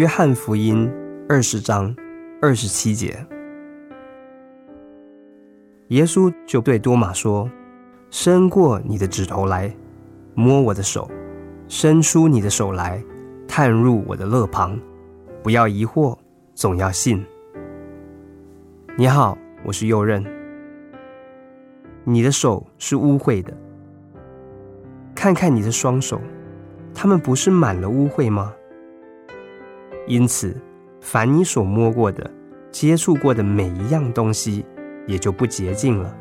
約翰福音二十章二十七節，耶穌就對多馬說：“伸過你的指頭來，摸我的手；伸出你的手來，探入我的肋旁。不要疑惑，總要信。”你好，我是右任。你的手是污穢的，看看你的雙手，他們不是滿了污穢嗎？因此，凡你所摸過的、接觸過的每一樣東西，也就不潔淨了。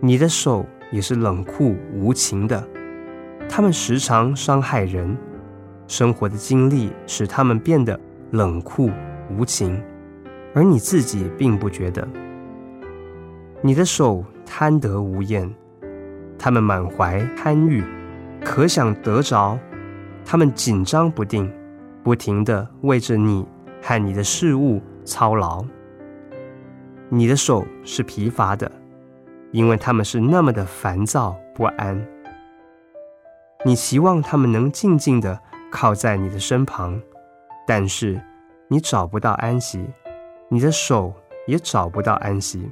你的手也是冷酷無情的，他們時常傷害人。生活的經歷使他們變得冷酷無情，而你自己並不覺得。你的手貪得無厭，他們滿懷貪欲，可想得着，他們緊張不定。不停的為着你和你的事物操勞，你的手是疲乏的，因為他們是那麼的煩躁不安。你希望他們能靜靜的靠在你的身旁，但是你找不到安息，你的手也找不到安息。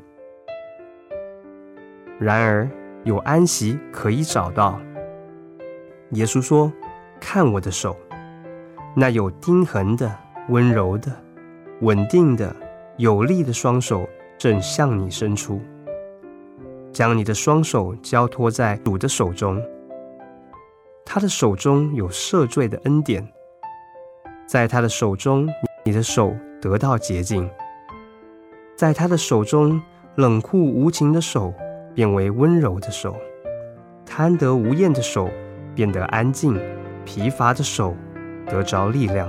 然而有安息可以找到。耶穌說：“看我的手。”那有釘痕的、溫柔的、穩定的、有力的雙手正向你伸出，將你的雙手交托在主的手中。他的手中有赦罪的恩典，在他的手中，你的手得到潔淨；在他的手中，冷酷無情的手變為溫柔的手，貪得無厭的手變得安靜，疲乏的手。得着力量，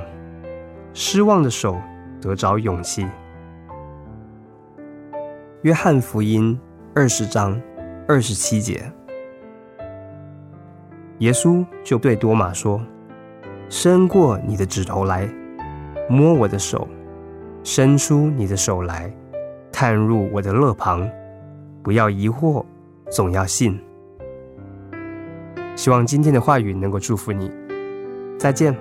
失望的手得着勇氣。約翰福音二十章二十七節，耶穌就對多馬說：“伸過你的指頭來，摸我的手；伸出你的手來，探入我的肋旁。不要疑惑，總要信。”希望今天的話語能夠祝福你。再見。